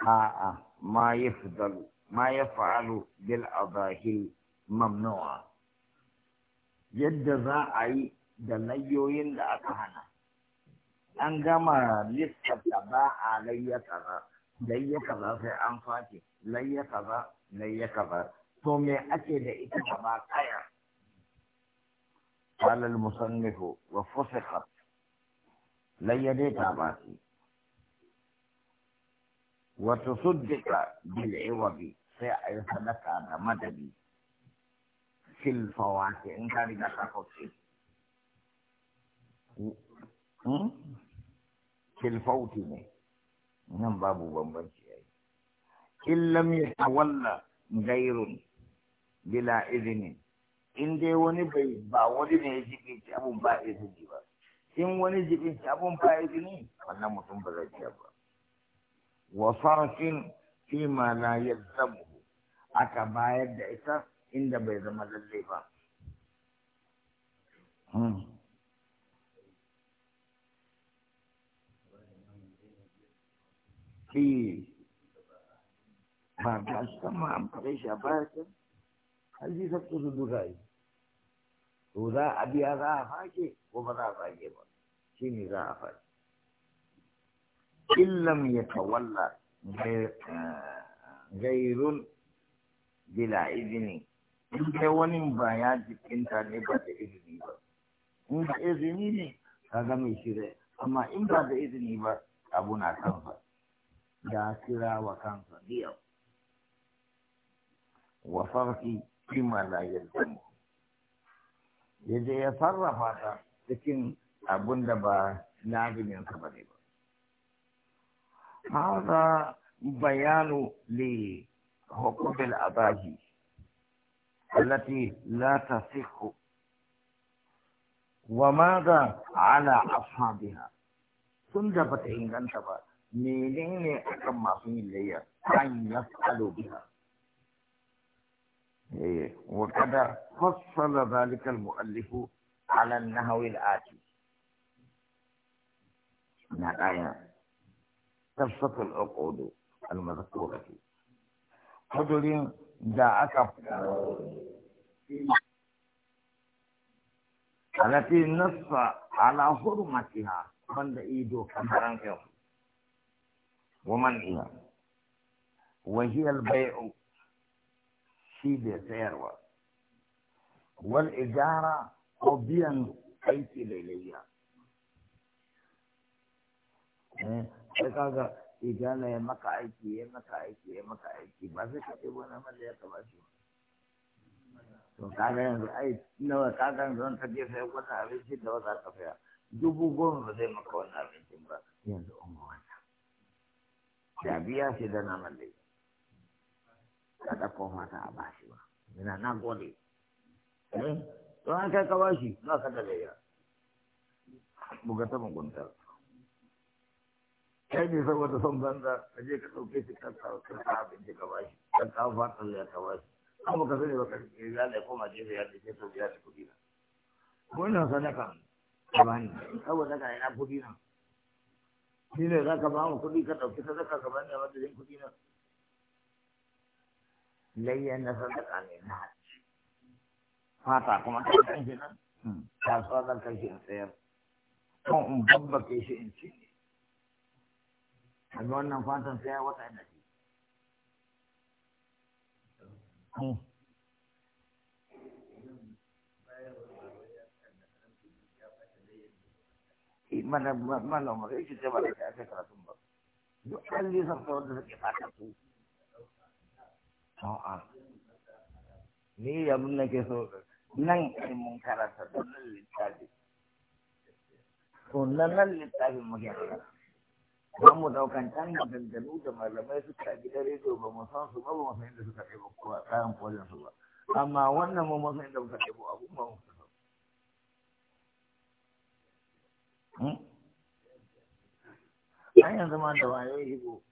ها آه، آه. ما يفضل ما يفعل بالأضاهي ممنوع يد ذاعي دنيوين لأتهنا أنجما لسه تباع علي كذا لي كذا في أنفاتي لي كذا لي كذا ثم أكد إتبع كايا قال المصنف وفسخت لي دي تاباتي wata suddika bil'iwabi sai a yi sadaka da madadi silfawa ke in ka riga ka kauce silfauti hmm? ne nan babu bambanci yi in ya tawalla gairun bila izinin in dai wani bai ba wani ne ya jibinci abun ba izini ba in wani jibinci abun ba izini wannan mutum ba zai ba wa farashin fi ma la yalzamuhu aka bayar da ita inda bai zama lalle ba hmm. Fi ba ga sama amfani shi a bayan har zai sabta su duka yi to za a biya za a fake ko ba za a fake ba shi ne za a fake illam tawalla gairun bila izini in kai wani ba ya jikinta ne ba da izini ba in da izini ne ka ga mai shirya amma in ba da izini ba abu na kansa ya kira wa kansa biya wa farki kima la yalzamu ya je ya sarrafa ta cikin abun da ba lazimin ka ba ne ba هذا بيان لحقوق الأباهي التي لا تصح وماذا على أصحابها سنجة بتعين ميلين منين أكم ما في ليا أن يفعلوا بها إيه، وكذا فصل ذلك المؤلف على النهو الآتي من نعم، الآية قصة العقود المذكورة حجر دعك التي نص على حرمتها من إيدو ومن إيه وهي البيع سيدة سيروة والإجارة وبيان أيتي ليليا sai kaga idana ya maka aiki ya maka aiki ya maka aiki ba sai ka ce wani malla ya kaba shi to kaga yanzu ai nawa kaga yanzu an kaje sai wani abinci da wata ka saya dubu goma ba zai maka wani abincin ba yanzu an ga wannan da biya shi da na malla ka Kada koma ta a bashi ba ina na gode eh to an kai ka bashi na ka da ya buga ta mugunta kai ne saboda son banza ka je ka ɗauke shi kan kawo kan kawo abinci ka bashi, kan kawo fatan ya ka bashi. an ba ka sani ba ka ya da koma gefe ya ce ke to biya da kuɗi na wannan sadaka ka bani saboda ka ina kuɗi na shi ne za ka ba mu kuɗi ka ɗauki sadaka ka bani a madadin kuɗi na layyan na sadaka ne na hajji fata kuma ta kan shi nan hmm. kasuwa zan kai shi in sayar kan in babbake shi in ci kaga wannan fatan sai ya wata da mana hmm. eh, mana ma shi ce ba da aka karatun ba duk an yi sarfa wanda suke fata su a'a ni abin da ke so nan mun karanta nan littafi to nan littafin muke karanta don mu daukan can maganganu da malamai suka a dare rediyo ba mu san su ba ba mu san inda suka ɗebo kuwa kayan kwallon su ba amma wannan mu san inda muka ɗebo abu ba mu san an hmm? yanzu ma da wayo shigo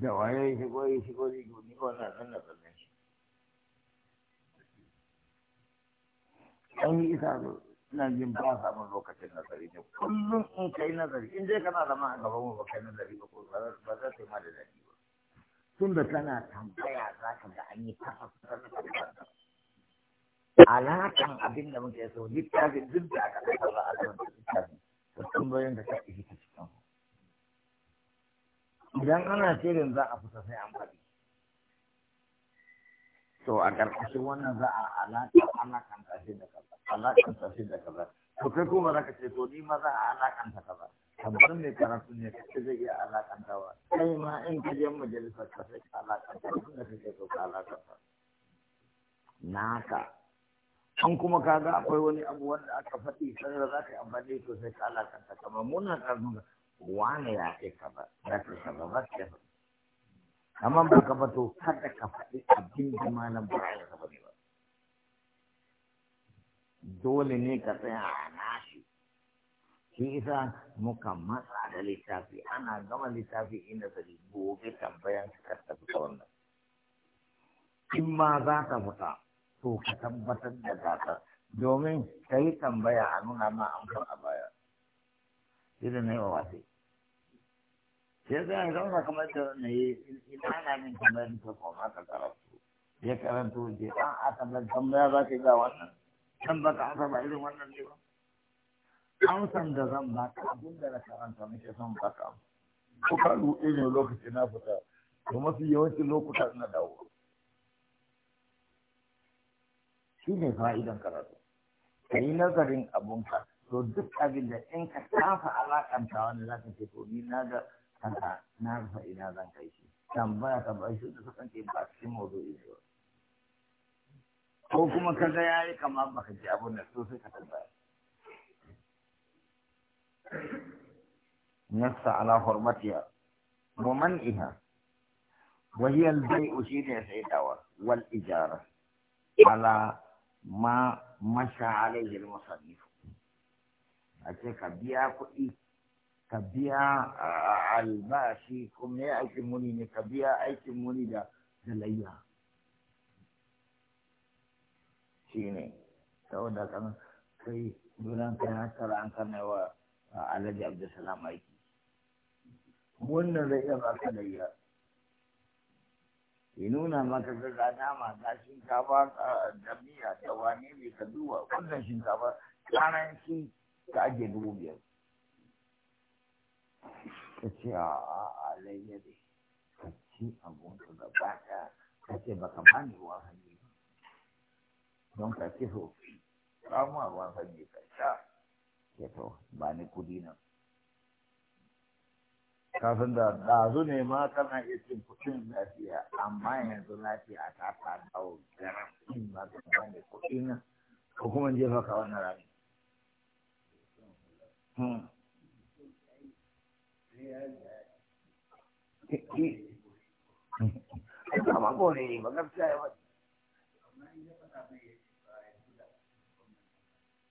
da wayo shigo ya shigo zai shigo ni na san da kallon shi an yi isa zo ina jin ba samun lokacin nazari ne kullum in kai nazari in je kana zama a gaban mu ba kai nazari ba ko ba za ta yi ma da daɗi ba tun da kana tambaya za ka ga an yi tafasar alaƙan abin da muke so littafin duk da aka kasa ba a kan littafin da tambayoyin da ka ɗigi ta cikin idan ana shirin za a fita sai an faɗi to a ƙarƙashin wannan za a alaƙa alaƙan ƙarshe da ƙasa alaƙanta shi da kaza to kai kuma za ka ce to ni ma za a alaƙanta kaza tabbar mai karatu ne ka zai iya wa kai ma in ka je majalisar ka sai ka alaƙanta tun da kake so ka alaƙanta naka an kuma kaga akwai wani abu wanda aka faɗi sai da za ka yi amfani to sai ka alaƙanta kamar muna karnuna wane ya ce kaza za ka kaza za ka amma ba ka ba to kada ka faɗi abin da malam Ibrahim dole ne ka tsaya a nashi shi isa muka matsa da littafi ana gama littafi ina zari gobe tambayan ka tafi ta wannan in ma za ka fita to ka tabbatar da gasar domin ka yi tambaya a nuna ma an a baya idan na yi wa wasu sai zai zama kamar da na yi ina na min kamar da ta koma ka karatu ya karanto je an a tambayar tambaya za ka yi ga wannan dan ba ka haka ba irin wannan ne ba san da zan ba ka abin da na karanta nake son ba ka ko ka ruɗe ne lokaci na fita to mafi yawancin lokuta na dawo shi ne fa'idan karatu ka yi nazarin ka. to duk abin da in ka tafa alaƙanta wani za ka ce to ni na ga kanka na rufa ina zan kai shi tambaya ka ba shi da sukan ce ba cikin mawuzo ne ba ko kuma ka ga yayi kamar baka ji abun da so sai ka tambaya nasta ala hurmatiha wa man'iha wa hiya al-bay'u sai saidawa wal ijara ala ma masha alayhi al-musannif a ce ka biya kuɗi ka biya albashi kuma ya aikin muni ne ka biya aikin muni da layya shi ne saboda kan sai dunan kai hasara an yawa a alhaji abdulsalam aiki wannan zai iya baka da iya ya nuna maka ga nama ga shinkafa a jami'a da wani mai ka duba wannan shinkafa karanci ka ajiye dubu biyar ka ce a a alayya ne ka ci abun ka gaba ka ce baka bani ruwan hannu don ka ci sofi oh, samu ruwan fage ka sha ya to oh, ba ni kudi nan kafin da dazu ne ma kana iya cin kuɗin lafiya amma yanzu lafiya ta ta dawo garafin ba ta ba ni kudi nan ko kuma jefa ka wannan rami hmm. Ita ma gore ne, ba gaskiya ya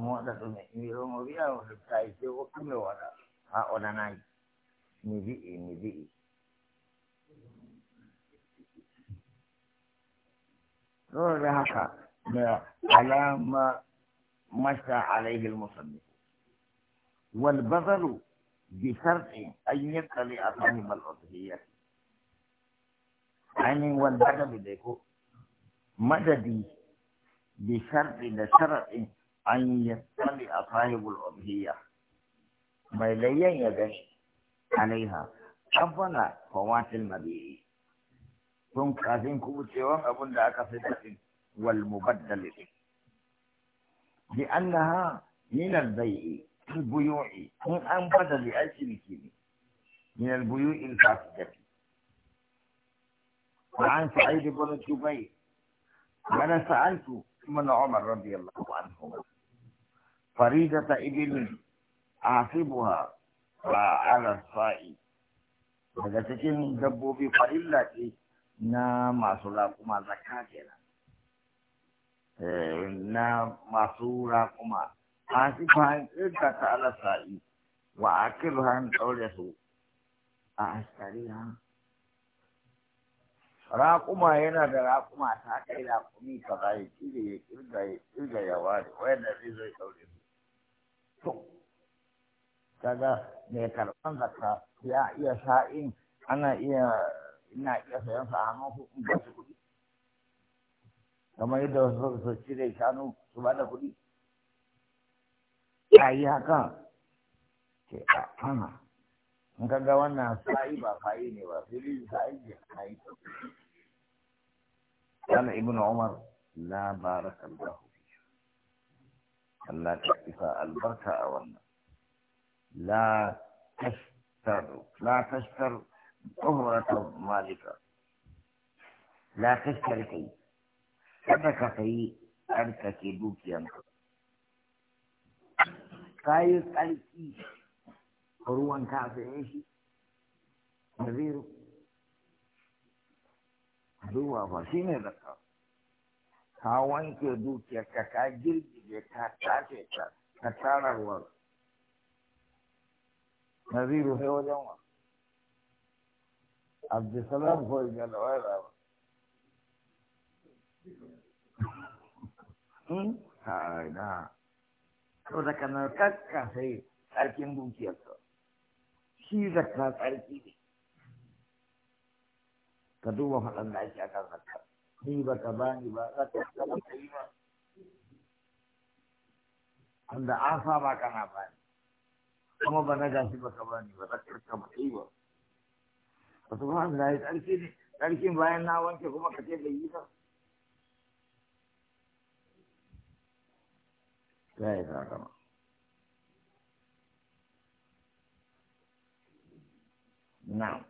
mota tu ɗume dijo moría o se cae que vos que me va a ahora nai mi di mi di no de haka me alama مشى عليه المصنف a بشرط أن يطلع صاحب الأضحية يعني والبذل ديكو بشر لشرع أن يطلع صاحب الأضحية ما لين يغني عليها أفضل فوات المبيع ثم كازين كوبتشيوان أبن لأكا والمبدل لأنها من البيع البيوع من أن لأجل أجل من البيوع الفاسدة وعن سعيد بن جبير وأنا سألت من عمر رضي الله عنه فريدة ابن عاصبها وعلى الصائب daga cikin dabbobi farilla ce na masu raƙuma zakka kenan eh, na masu raƙuma a shi fahimtar da ta alasa'i wa a kirhan ɗaure su a asariya raƙuma yana da raƙuma ta kai raƙumi ka za ya cire ya ƙirga ya kirga ya ware wayan da zai zai ɗaure su to kaga mai karɓan zakka ya iya sa'in ana iya ina iya sayan sa hannun su in ba su kuɗi kamar yadda wasu su cire shanu su ba da kuɗi ya yi haka ke a hana in ka ga wannan sa'i ba fa'i ne ba fili sa'i ya sa'i kana ibn umar la barakallahu fi Allah ta isa albarka a wannan la tashtar la tashtar tuhurata malika la tashtar kai kada ka sayi tsarkake dukiyanka ka yi tsarki ruwan ka saye shi naziru duba ba shi ne zakka ka wanke dukiyarka ka girgije ka tace ta ka tararwar naziru sai wajen wa abdulsalam ko galawai ba ha hmm? na to da kanar kakka sai tsarkin dukiyarsa shi zakka tsarki ne ka duba faɗan da ake aka zakka ni ba ka ni ba za ka ba ka yi ba wanda an saba kana ni kuma ba na gashi ba ka ni ba za ka ba yi ba ba su ba da tsarki ne tsarkin bayan na wanke kuma ka ce bai yi ba ta yi ta gama now.